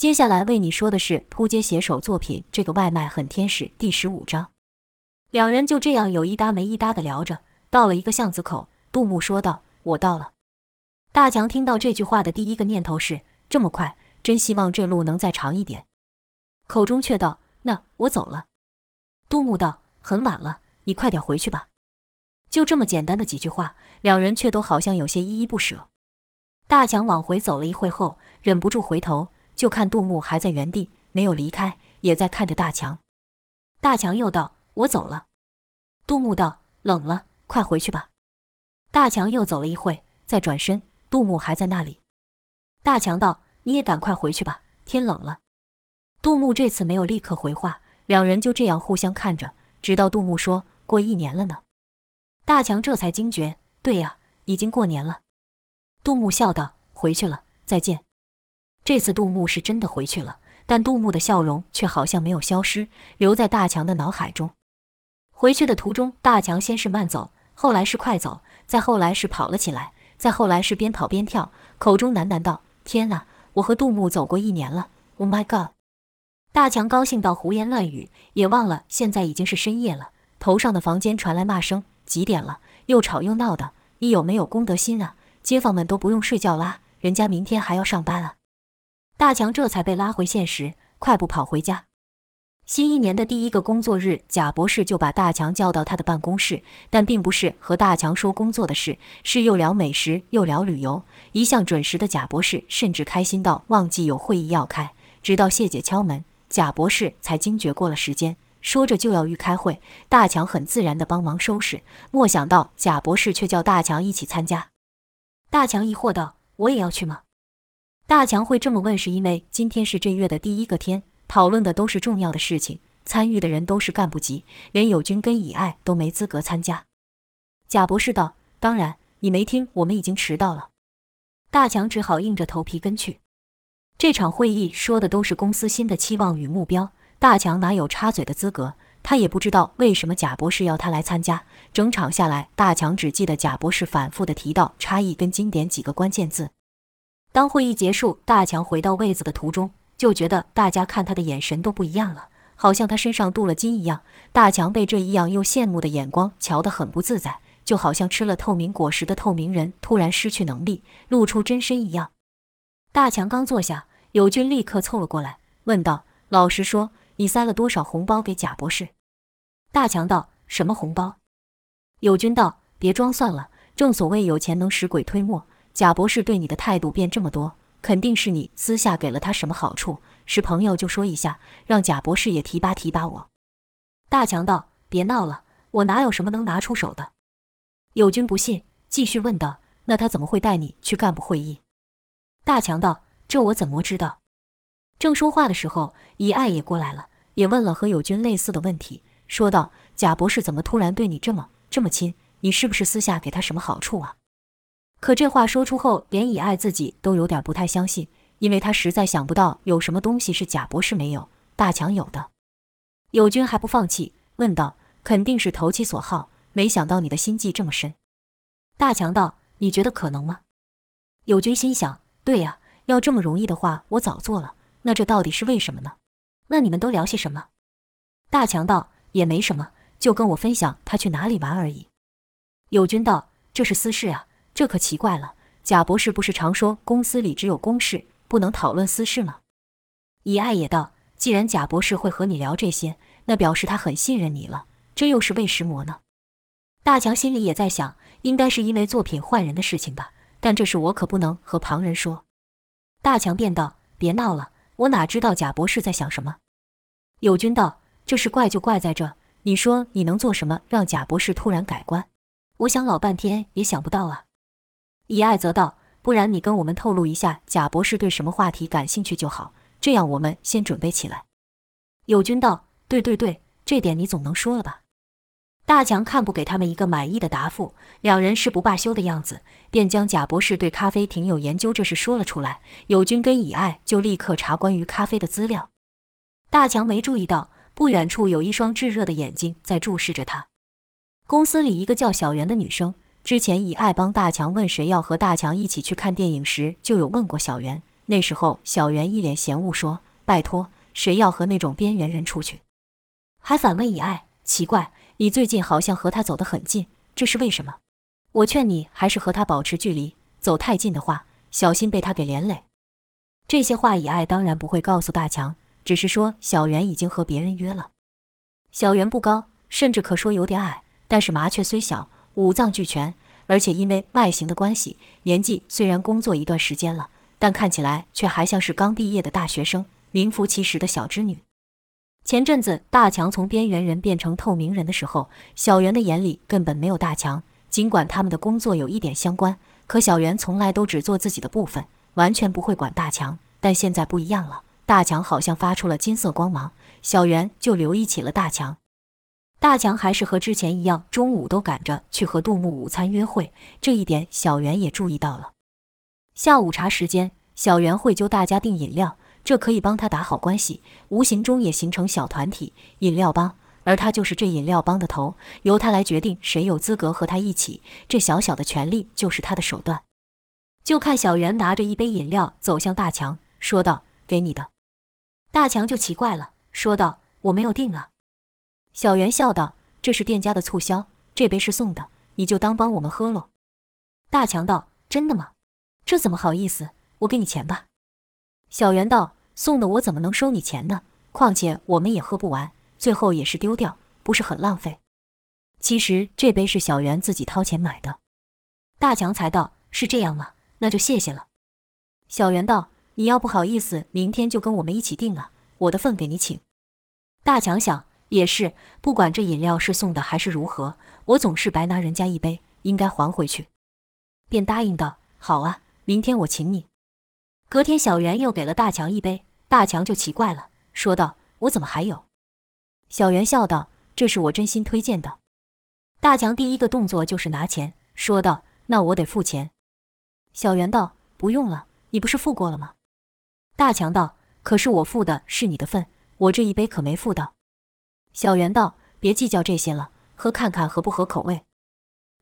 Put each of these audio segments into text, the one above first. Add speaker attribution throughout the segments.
Speaker 1: 接下來為你說的是撲街寫手作品《這個外賣很天使》第十五章。兩人就這樣有一搭沒一搭地聊着，到了一個巷子口，杜牧說道：“我到了。”大強聽到這句話的第一個念頭是：這麼快，真希望這路能再長一點。口中卻道：“那我走了。”杜牧道：“很晚了，你快點回去吧。”就這麼簡單的幾句話，兩人卻都好像有些依依不舍。大強往回走了一會後，忍不住回頭。就看杜牧還在原地，沒有離開，也在看着大強。大強又道：“我走了。”杜牧道：“冷了，快回去吧。”大強又走了一會，再轉身，杜牧還在那裡。大強道：“你也趕快回去吧，天冷了。”杜牧這次沒有立刻回話，兩人就這樣互相看着，直到杜牧說：“過一年了呢。”大強這才驚覺：“對呀，已經過年了。”杜牧笑道：“回去了，再見。”這次杜牧是真的回去了，但杜牧的笑容卻好像沒有消失，留在大強的腦海中。回去的途中，大強先是慢走，後來是快走，再後來是跑了起來，再後來是邊跑邊跳，口中喃喃道：“天哪，我和杜牧走過一年了！”Oh my god！大強高興到胡言亂語，也忘了現在已經是深夜了。頭上的房間傳來罵聲：“幾點了？又吵又鬧的，你有沒有公德心啊？街坊們都不用睡覺啦，人家明天還要上班啊！”大強這才被拉回現實，快步跑回家。新一年的第一個工作日，賈博士就把大強叫到他的辦公室，但並不是和大強說工作的事，是又聊美食又聊旅遊。一向準時的賈博士甚至開心到忘記有會議要開，直到謝姐敲門，賈博士才驚覺過了時間，說着就要去開會。大強很自然地幫忙收拾，沒想到賈博士卻叫大強一起參加。大強疑惑道：“我也要去嗎？”大強會這麼問，是因為今天是這月的第一個天，討論的都是重要的事情，參與的人都是幹部級，連友軍跟乙愛都沒資格參加。賈博士道：“當然，你沒聽，我們已經遲到了。”大強只好硬着頭皮跟去。這場會議說的都是公司新的期望與目標，大強哪有插嘴的資格？他也不知道為什麼賈博士要他來參加。整場下來，大強只記得賈博士反復的提到“差異”跟“經典”幾個關鍵字。當會議結束，大強回到位子的途中，就覺得大家看他的眼神都不一樣了，好像他身上鍍了金一樣。大強被這異樣又羨慕的眼光瞧得很不自在，就好像吃了透明果實的透明人突然失去能力，露出真身一樣。大強剛坐下，友軍立刻湊了過來，問道：“老實說，你塞了多少紅包給賈博士？”大強道：“什麼紅包？”友軍道：“別裝蒜了，正所謂有錢能使鬼推磨。”賈博士對你的態度變這麼多，肯定是你私下給了他什麼好處。是朋友就說一下，讓賈博士也提拔提拔我。大強道：“別鬧了，我哪有什麼能拿出手的。”友軍不信，繼續問道：“那他怎麼會帶你去幹部會議？”大強道：“這我怎麼知道？”正說話的時候，以愛也過來了，也問了和友軍類似的問題，說道：“賈博士怎麼突然對你這麼這麼親？你是不是私下給他什麼好處啊？”可這話說出後，連以愛自己都有點不太相信，因為他實在想不到有什麼東西是賈博士沒有、大強有的。友軍還不放棄，問道：“肯定是投其所好，沒想到你的心計這麼深。”大強道：“你覺得可能嗎？”友軍心想：“對呀，要這麼容易的話，我早做了。那這到底是為什麼呢？那你們都聊些什麼？”大強道：“也沒什麼，就跟我分享他去哪裡玩而已。”友軍道：“這是私事啊。”這可奇怪了，賈博士不是常說公司裡只有公事，不能討論私事嗎？乙愛也道：“既然賈博士會和你聊這些，那表示他很信任你了。這又是為什麼呢？”大強心裡也在想，應該是因為作品換人的事情吧。但這事我可不能和旁人說。大強便道：“別鬧了，我哪知道賈博士在想什麼？”友軍道：“這事怪就怪在這，你說你能做什麼讓賈博士突然改觀？我想老半天也想不到啊。”以愛則道，不然你跟我們透露一下賈博士對什麼話題感興趣就好，這樣我們先準備起來。友軍道：“對對對，這點你總能說了吧？”大強看不給他們一個滿意的答覆，兩人誓不罷休的樣子，便將賈博士對咖啡挺有研究這事說了出來。友軍跟以愛就立刻查關於咖啡的資料。大強沒注意到，不遠處有一雙炙熱的眼睛在注視着他。公司裡一個叫小圓的女生。之前，以愛幫大強問誰要和大強一起去看電影時，就有問過小袁。那時候，小袁一臉嫌惡說：“拜托，誰要和那種邊緣人出去？”還反問以愛：“奇怪，你最近好像和他走得很近，這是為什麼？”我勸你還是和他保持距離，走太近的話，小心被他給連累。這些話，以愛當然不會告訴大強，只是說小袁已經和別人約了。小袁不高，甚至可說有點矮，但是麻雀雖小。五臟俱全，而且因為外形的關係，年紀雖然工作一段時間了，但看起來卻還像是剛畢業的大學生，名副其實的小織女。前陣子大強從邊緣人變成透明人的時候，小圓的眼裡根本沒有大強。儘管他們的工作有一點相關，可小圓從來都只做自己的部分，完全不會管大強。但現在不一樣了，大強好像發出了金色光芒，小圓就留意起了大強。大強還是和之前一樣，中午都趕着去和杜牧午餐約會，這一點小袁也注意到了。下午茶時間，小袁會揪大家訂飲料，這可以幫他打好關係，無形中也形成小團體飲料幫，而他就是這飲料幫的頭，由他來決定誰有資格和他一起，這小小的權利就是他的手段。就看小袁拿着一杯飲料走向大強，說道：“給你的。”大強就奇怪了，說道：“我沒有訂了。”小袁笑道：“這是店家的促銷，這杯是送的，你就當幫我們喝了。”大強道：“真的嗎？這怎麼好意思？我給你錢吧。”小袁道：“送的，我怎麼能收你錢呢？況且我們也喝不完，最後也是丟掉，不是很浪費？”其實這杯是小袁自己掏錢買的。大強才道：“是這樣嗎？那就謝謝了。”小袁道：“你要不好意思，明天就跟我們一起訂了啊，我的份給你請。”大強想。也是，不管這飲料是送的還是如何，我總是白拿人家一杯，應該還回去。便答應道：“好啊，明天我請你。”隔天，小袁又給了大強一杯，大強就奇怪了，說道：“我怎麼還有？”小袁笑道：“這是我真心推薦的。”大強第一個動作就是拿錢，說道：“那我得付錢。”小袁道：“不用了，你不是付過了嗎？”大強道：“可是我付的是你的份，我這一杯可沒付到。”小袁道：“別計較這些了，喝看看合不合口味。”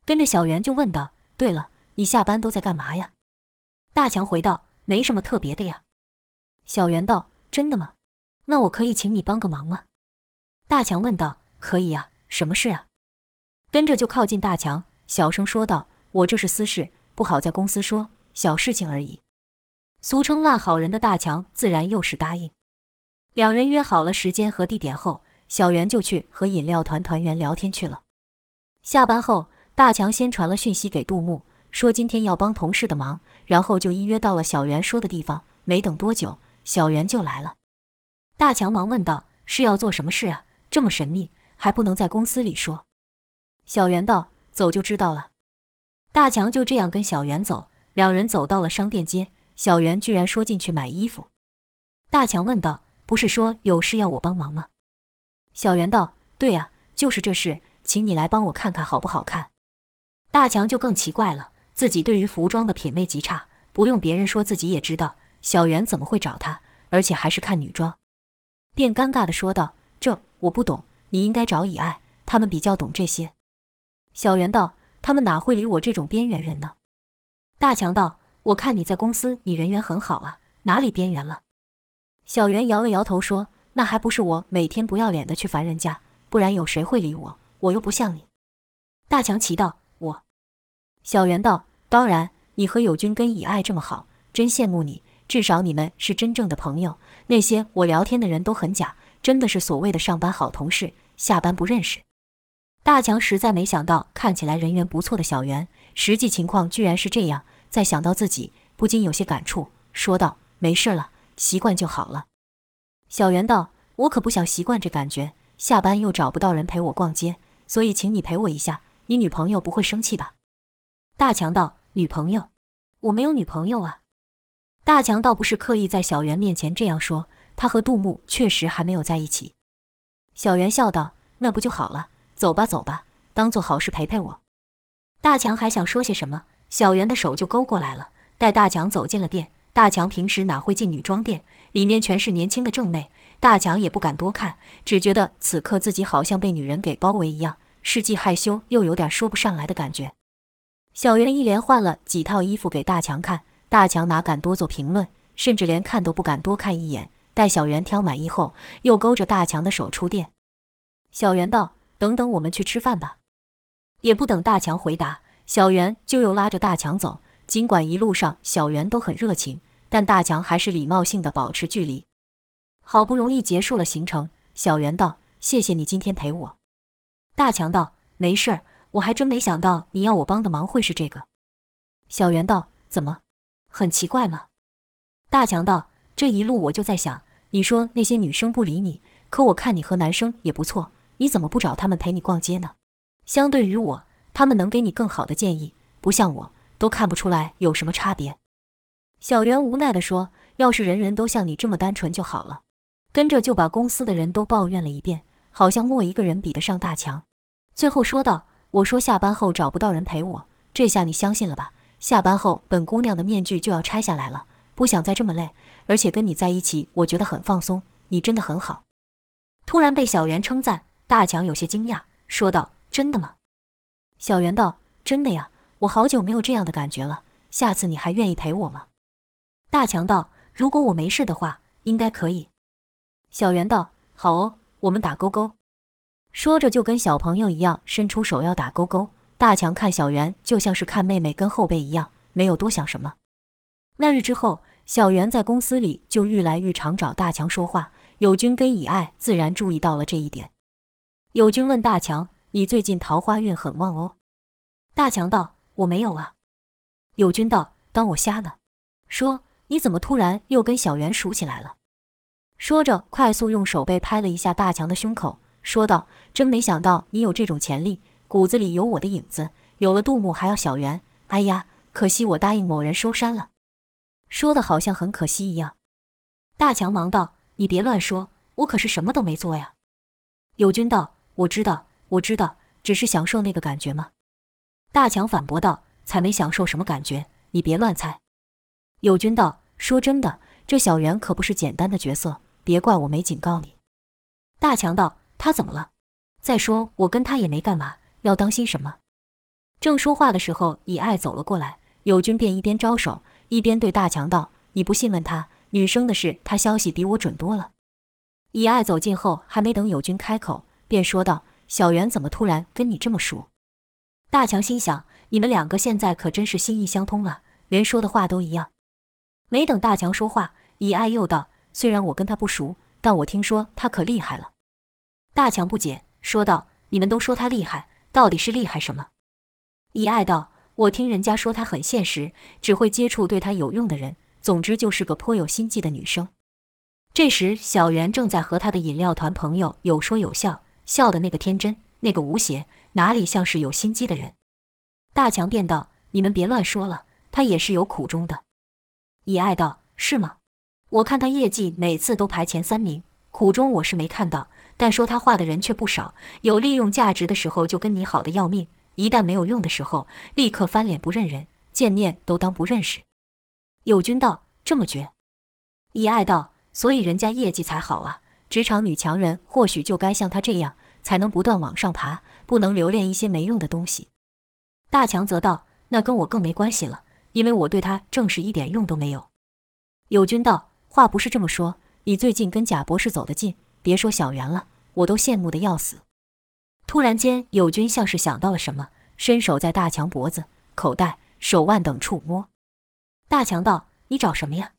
Speaker 1: 跟着小袁就問道：“對了，你下班都在幹嘛呀？”大強回道：“沒什麼特別的呀。”小袁道：“真的嗎？那我可以請你幫個忙嗎？”大強問道：“可以呀、啊，什麼事啊？”跟着就靠近大強，小聲說道：“我這是私事，不好在公司說，小事情而已。”俗稱“爛好人”的大強自然又是答應。兩人約好了時間和地點後。小袁就去和飲料團團員聊天去了。下班後，大強先傳了訊息給杜牧，說今天要幫同事的忙，然後就依約到了小袁說的地方。沒等多久，小袁就來了。大強忙問道：“是要做什麼事啊？這麼神秘，還不能在公司裡說？”小袁道：“走就知道了。”大強就這樣跟小袁走，兩人走到了商店街。小袁居然說進去買衣服。大強問道：“不是說有事要我幫忙嗎？”小袁道：“對呀，就是這事，請你來幫我看看好不好看。”大強就更奇怪了，自己對於服裝的品味極差，不用別人說，自己也知道。小袁怎麼會找他，而且還是看女裝？便尷尬的說道：“這我不懂，你應該找以愛，他們比較懂這些。”小袁道：“他們哪會理我這種邊緣人呢？”大強道：“我看你在公司，你人緣很好啊，哪裡邊緣了？”小袁搖了搖頭說。那還不是我每天不要臉的去煩人家，不然有誰會理我？我又不像你。大強奇道。我？小袁道。當然，你和友軍跟以愛這麼好，真羨慕你。至少你們是真正的朋友。那些我聊天的人都很假，真的是所謂的上班好同事，下班不認識。大強實在沒想到，看起來人緣不錯的小袁，實際情況居然是這樣。再想到自己，不禁有些感觸，說道：“沒事了，習慣就好了。”小袁道：“我可不想習慣這感覺，下班又找不到人陪我逛街，所以請你陪我一下。你女朋友不會生氣吧？”大強道：“女朋友？我沒有女朋友啊。”大強倒不是刻意在小袁面前這樣說，他和杜牧確實還沒有在一起。小袁笑道：“那不就好了？走吧，走吧，當做好事陪陪我。”大強還想說些什麼，小袁的手就勾過來了，帶大強走進了店。大強平時哪會進女裝店，裡面全是年輕的正妹，大強也不敢多看，只覺得此刻自己好像被女人給包圍一樣，是既害羞又有點說不上來的感覺。小袁一連換了幾套衣服給大強看，大強哪敢多做評論，甚至連看都不敢多看一眼。待小袁挑滿意後，又勾着大強的手出店。小袁道：“等等，我們去吃飯吧。”也不等大強回答，小袁就又拉着大強走。儘管一路上小袁都很熱情，但大強還是禮貌性地保持距離。好不容易結束了行程，小袁道：“謝謝你今天陪我。”大強道：“沒事兒，我還真沒想到你要我幫的忙會是這個。”小袁道：“怎麼？很奇怪嗎？”大強道：“這一路我就在想，你說那些女生不理你，可我看你和男生也不錯，你怎麼不找他們陪你逛街呢？相對於我，他們能給你更好的建議，不像我。”都看不出來有什麼差別，小袁無奈地說：“要是人人都像你這麼單純就好了。”跟着就把公司的人都抱怨了一遍，好像沒一個人比得上大強。最後說道：“我說下班後找不到人陪我，這下你相信了吧？下班後本姑娘的面具就要拆下來了，不想再這麼累，而且跟你在一起，我覺得很放鬆，你真的很好。”突然被小袁稱讚，大強有些驚訝，說道：“真的嗎？”小袁道：“真的呀。”我好久沒有這樣的感覺了，下次你還願意陪我嗎？大強道：“如果我沒事的話，應該可以。”小袁道：“好哦，我們打勾勾。”說着就跟小朋友一樣，伸出手要打勾勾。大強看小袁就像是看妹妹跟後輩一樣，沒有多想什麼。那日之後，小袁在公司裡就愈來愈常找大強說話。友軍跟以愛自然注意到了這一點。友軍問大強：“你最近桃花運很旺哦？”大強道。我沒有啊，友軍道，當我瞎呢。說你怎麼突然又跟小袁熟起來了？說着，快速用手背拍了一下大強的胸口，說道：“真沒想到你有這種潛力，骨子裡有我的影子。有了杜牧還要小袁。哎呀，可惜我答應某人收山了。”說的好像很可惜一樣。大強忙道：“你別亂說，我可是什麼都沒做呀。”友軍道：“我知道，我知道，只是享受那個感覺嘛。”大強反駁道：“才沒享受什麼感覺，你別亂猜。”友軍道：“說真的，這小袁可不是簡單的角色，別怪我沒警告你。”大強道：“他怎麼了？再說我跟他也沒幹嘛，要當心什麼？”正說話的時候，以愛走了過來，友軍便一邊招手，一邊對大強道：“你不信問他，女生的事，他消息比我準多了。”以愛走近後，還沒等友軍開口，便說道：“小袁怎麼突然跟你這麼熟？”大強心想：你們兩個現在可真是心意相通了，連說的話都一樣。沒等大強說話，以愛又道：“雖然我跟他不熟，但我聽說他可厲害了。”大強不解，說道：“你們都說他厲害，到底是厲害什麼？”以愛道：“我聽人家說他很現實，只會接觸對他有用的人。總之就是個頗有心計的女生。”這時，小圓正在和他的飲料團朋友有說有笑，笑得那個天真，那個無邪。哪裡像是有心機的人？大強便道：“你們別亂說了，她也是有苦衷的。”乙愛道：“是嗎？我看她業績每次都排前三名，苦衷我是沒看到，但說她話的人卻不少。有利用價值的時候就跟你好得要命，一旦沒有用的時候，立刻翻臉不認人，見面都當不認識。”友軍道：“這麼絕？”乙愛道：“所以人家業績才好啊。職場女強人或許就該像她這樣，才能不斷往上爬。”不能留戀一些沒用的東西。大強則道：“那跟我更沒關係了，因為我對他正是一點用都沒有。”友軍道：“話不是這麼說，你最近跟賈博士走得近，別說小圓了，我都羨慕得要死。”突然間，友軍像是想到了什麼，伸手在大強脖子、口袋、手腕等觸摸。大強道：“你找什麼呀？”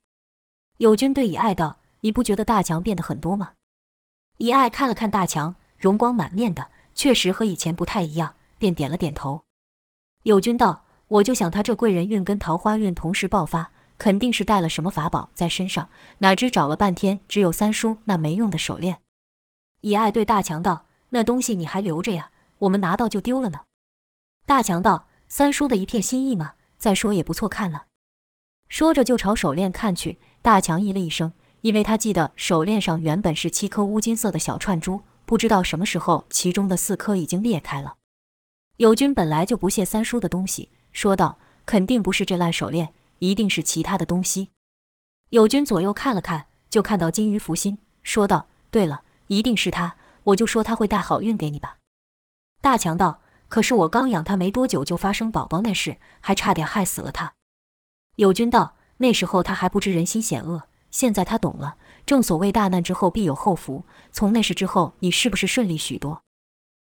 Speaker 1: 友軍對以愛道：“你不覺得大強變得很多嗎？”以愛看了看大強，容光滿面的。確實和以前不太一樣，便點了點頭。友軍道：“我就想他這貴人運跟桃花運同時爆發，肯定是帶了什麼法寶在身上。哪知找了半天，只有三叔那沒用的手鏈。”以愛對大強道：“那東西你還留着呀？我們拿到就丟了呢。”大強道：“三叔的一片心意嘛，再說也不錯看了。”說着就朝手鏈看去。大強咦了一聲，因為他記得手鏈上原本是七顆烏金色的小串珠。不知道什麼時候，其中的四顆已經裂開了。友軍本來就不屑三叔的東西，說道：“肯定不是這爛手鏈，一定是其他的東西。”友軍左右看了看，就看到金魚福星，說道：“對了，一定是它。我就說他會帶好運給你吧。”大強道：“可是我剛養它沒多久，就發生寶寶那事，還差點害死了它。”友軍道：“那時候他還不知人心險惡。”現在他懂了，正所謂大難之後必有後福。從那時之後，你是不是順利許多？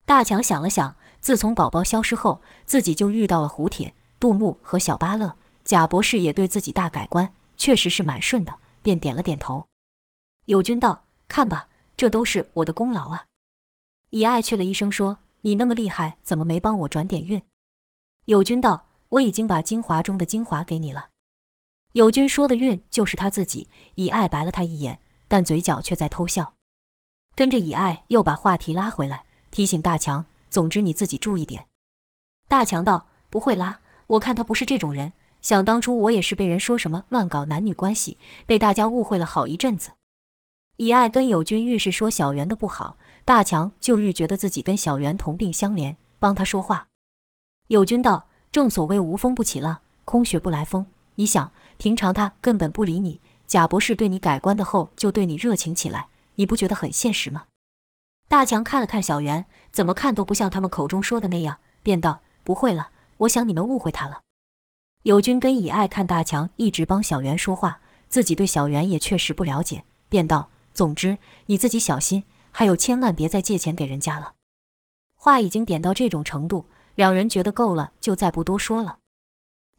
Speaker 1: 大強想了想，自從寶寶消失後，自己就遇到了胡鐵、杜牧和小巴勒，賈博士也對自己大改觀，確實是蠻順的，便點了點頭。友軍道：“看吧，這都是我的功勞啊！”以愛去了醫生說：“你那麼厲害，怎麼沒幫我轉點運？”友軍道：“我已經把精華中的精華給你了。”友軍說的“運”就是他自己，以愛白了他一眼，但嘴角卻在偷笑。跟着以愛又把話題拉回來，提醒大強：“總之你自己注意點。”大強道：“不會啦，我看他不是這種人。想當初我也是被人說什麼亂搞男女關係，被大家誤會了好一陣子。”以愛跟友軍愈是說小袁的不好，大強就愈覺得自己跟小袁同病相憐，幫他說話。友軍道：“正所謂無風不起浪，空穴不來風。你想？”平常他根本不理你，賈博士對你改觀的後就對你熱情起來，你不覺得很現實嗎？大強看了看小袁，怎麼看都不像他們口中說的那樣，便道：“不會了，我想你們誤會他了。”友軍跟以愛看大強一直幫小袁說話，自己對小袁也確實不了解，便道：“總之你自己小心，還有千萬別再借錢給人家了。”話已經點到這種程度，兩人覺得夠了，就再不多說了。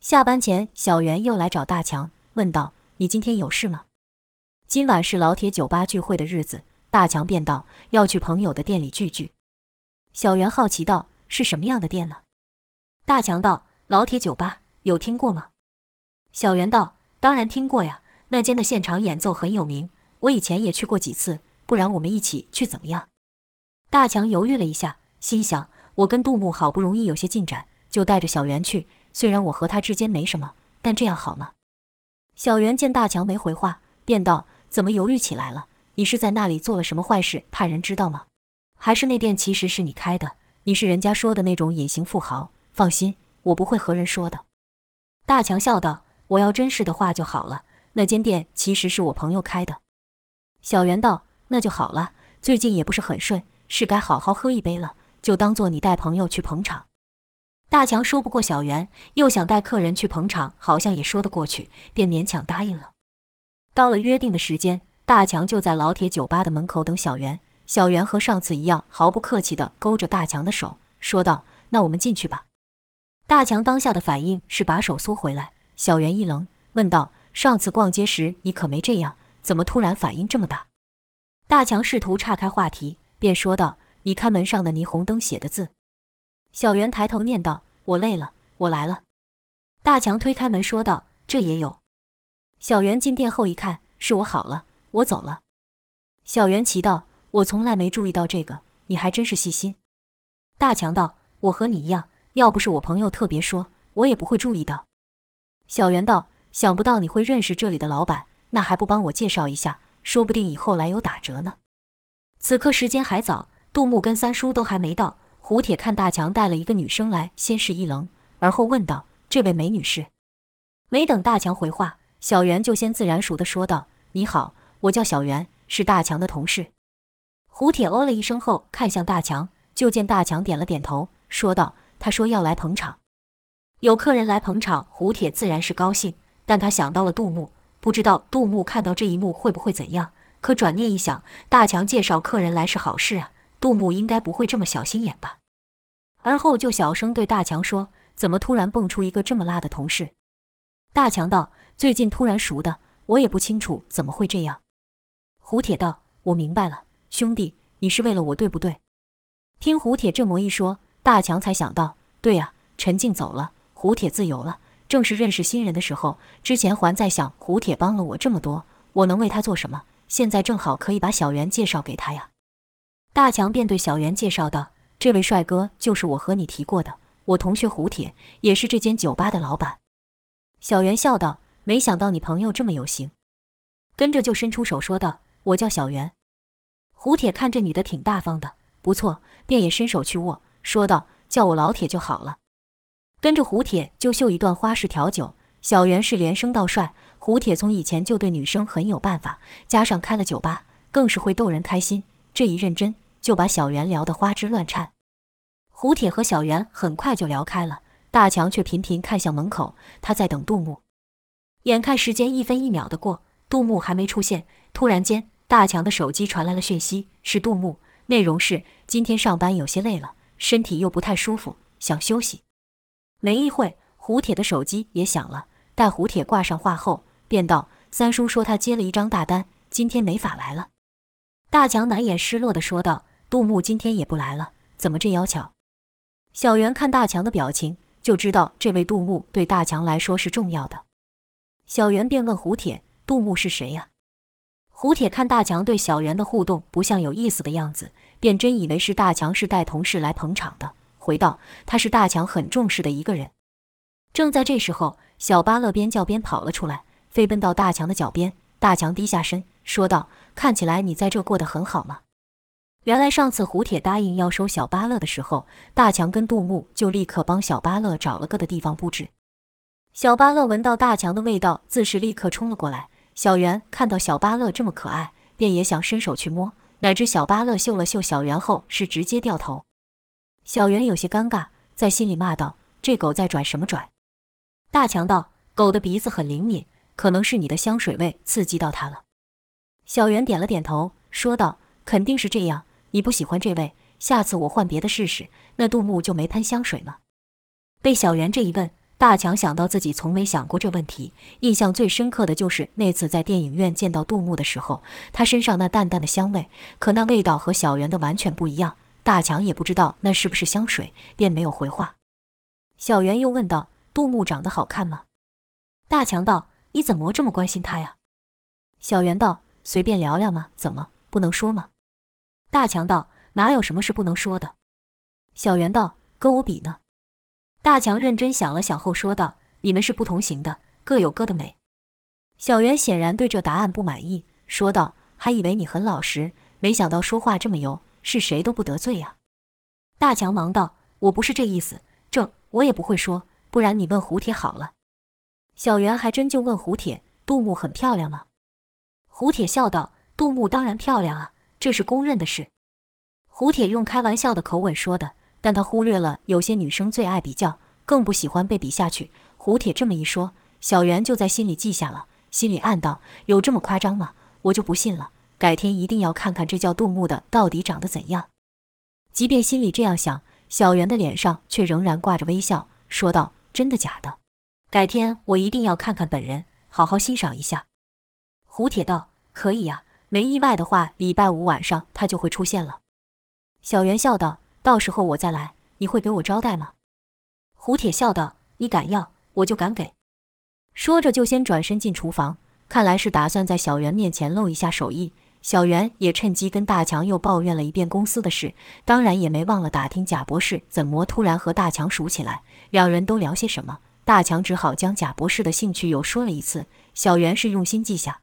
Speaker 1: 下班前，小袁又來找大強，問道：“你今天有事嗎？”今晚是老鐵酒吧聚會的日子，大強便道：“要去朋友的店裡聚聚。”小袁好奇道：“是什麼樣的店呢？”大強道：“老鐵酒吧，有聽過嗎？”小袁道：“當然聽過呀，那間的現場演奏很有名，我以前也去過幾次。不然我們一起去怎麼樣？”大強猶豫了一下，心想：“我跟杜牧好不容易有些進展，就帶着小袁去。”雖然我和他之間沒什麼，但這樣好嗎？小袁見大強沒回話，便道：“怎麼猶豫起來了？你是在那裡做了什麼壞事，怕人知道嗎？還是那店其實是你開的？你是人家說的那種隱形富豪？放心，我不會和人說的。”大強笑道：“我要真是的話就好了。那間店其實是我朋友開的。”小袁道：“那就好了。最近也不是很順，是該好好喝一杯了，就當做你帶朋友去捧場。”大強說不過小袁，又想帶客人去捧場，好像也說得過去，便勉強答應了。到了約定的時間，大強就在老鐵酒吧的門口等小袁。小袁和上次一樣，毫不客氣地勾着大強的手，說道：“那我們進去吧。”大強當下的反應是把手縮回來，小袁一愣，問道：“上次逛街時你可沒這樣，怎麼突然反應這麼大？”大強試圖岔開話題，便說道：“你看門上的霓虹燈寫的字。”小袁抬頭念道：“我累了，我來了。”大強推開門說道：“這也有。”小袁進店後一看：“是我好了，我走了。”小袁奇道：“我從來沒注意到這個，你還真是細心。”大強道：“我和你一樣，要不是我朋友特別說，我也不會注意到。”小袁道：“想不到你會認識這裡的老板，那還不幫我介紹一下？說不定以後來有打折呢。”此刻時間還早，杜牧跟三叔都還沒到。胡鐵看大強帶了一個女生來，先是一愣，而後問道：“這位美女是？”沒等大強回話，小袁就先自然熟的說道：“你好，我叫小袁，是大強的同事。”胡鐵哦了一聲後看向大強，就見大強點了點頭，說道：“他說要來捧場。”有客人來捧場，胡鐵自然是高興，但他想到了杜牧，不知道杜牧看到這一幕會不會怎樣。可轉念一想，大強介紹客人來是好事啊，杜牧應該不會這麼小心眼吧。而後就小聲對大強說：“怎麼突然蹦出一個這麼辣的同事？”大強道：“最近突然熟的，我也不清楚怎麼會這樣。”胡鐵道：“我明白了，兄弟，你是為了我對不對？”聽胡鐵這麼一說，大強才想到：“對呀、啊，陳靜走了，胡鐵自由了，正是認識新人的時候。之前還在想胡鐵幫了我這麼多，我能為他做什麼？現在正好可以把小袁介紹給他呀。”大強便對小袁介紹道。這位帥哥就是我和你提過的，我同學胡鐵，也是這間酒吧的老闆。小袁笑道：“沒想到你朋友這麼有型。”跟着就伸出手說道：“我叫小袁。”胡鐵看這女的挺大方的，不錯，便也伸手去握，說道：“叫我老鐵就好了。”跟着胡鐵就秀一段花式調酒，小袁是連聲道：“帥！”胡鐵從以前就對女生很有辦法，加上開了酒吧，更是會逗人開心。這一認真。就把小袁聊得花枝亂顫，胡鐵和小袁很快就聊開了，大強卻頻頻看向門口，他在等杜牧。眼看時間一分一秒的過，杜牧還沒出現，突然間，大強的手機傳來了訊息，是杜牧，內容是今天上班有些累了，身體又不太舒服，想休息。沒一會，胡鐵的手機也響了，待胡鐵掛上話後，便道：“三叔說他接了一張大單，今天沒法來了。”大強難掩失落的說道：“杜牧今天也不來了，怎麼這要巧？”小袁看大強的表情，就知道這位杜牧對大強來說是重要的。小袁便問胡鐵：“杜牧是誰呀、啊？”胡鐵看大強對小袁的互動不像有意思的樣子，便真以為是大強是帶同事來捧場的，回道：“他是大強很重視的一個人。”正在這時候，小巴勒邊叫邊跑了出來，飛奔到大強的腳邊。大強低下身說道。看起來你在這過得很好嗎？原來上次胡鐵答應要收小巴樂的時候，大強跟杜牧就立刻幫小巴樂找了個的地方布置。小巴樂聞到大強的味道，自是立刻衝了過來。小圓看到小巴樂這麼可愛，便也想伸手去摸，哪知小巴樂嗅了嗅小圓後，是直接掉頭。小圓有些尷尬，在心裡罵道：“這狗在拽什麼拽？”大強道：“狗的鼻子很靈敏，可能是你的香水味刺激到它了。”小袁點了點頭，說道：“肯定是這樣。你不喜歡這位，下次我換別的試試。”那杜牧就沒噴香水了。被小袁這一問，大強想到自己從沒想過這問題，印象最深刻的就是那次在電影院見到杜牧的時候，他身上那淡淡的香味，可那味道和小袁的完全不一樣。大強也不知道那是不是香水，便沒有回話。小袁又問道：“杜牧長得好看嗎？”大強道：“你怎麼這麼關心他呀？”小袁道。隨便聊聊嗎？怎麼不能說嗎？大強道：“哪有什麼是不能說的？”小袁道：“跟我比呢？”大強認真想了想後說道：“你們是不同型的，各有各的美。”小袁顯然對這答案不滿意，說道：“還以為你很老實，沒想到說話這麼油，是誰都不得罪呀、啊？”大強忙道：“我不是這意思，正我也不會說，不然你問胡鐵好了。”小袁還真就問胡鐵：“杜牧很漂亮嗎？”胡鐵笑道：“杜牧當然漂亮啊，這是公認的事。”胡鐵用開玩笑的口吻說的，但他忽略了有些女生最愛比較，更不喜歡被比下去。胡鐵這麼一說，小袁就在心裡記下了，心裡暗道：“有這麼誇張嗎？我就不信了，改天一定要看看這叫杜牧的到底長得怎樣。”即便心裡這樣想，小袁的臉上卻仍然掛着微笑，說道：“真的假的？改天我一定要看看本人，好好欣賞一下。”胡鐵道：可以呀、啊，沒意外的話，禮拜五晚上他就會出現了。小袁笑道：“到時候我再來，你會給我招待嗎？”胡鐵笑道：“你敢要，我就敢給。”說着就先轉身進廚房，看來是打算在小袁面前露一下手藝。小袁也趁機跟大強又抱怨了一遍公司的事，當然也沒忘了打聽賈博士怎麼突然和大強熟起來，兩人都聊些什麼。大強只好將賈博士的興趣又說了一次，小袁是用心記下。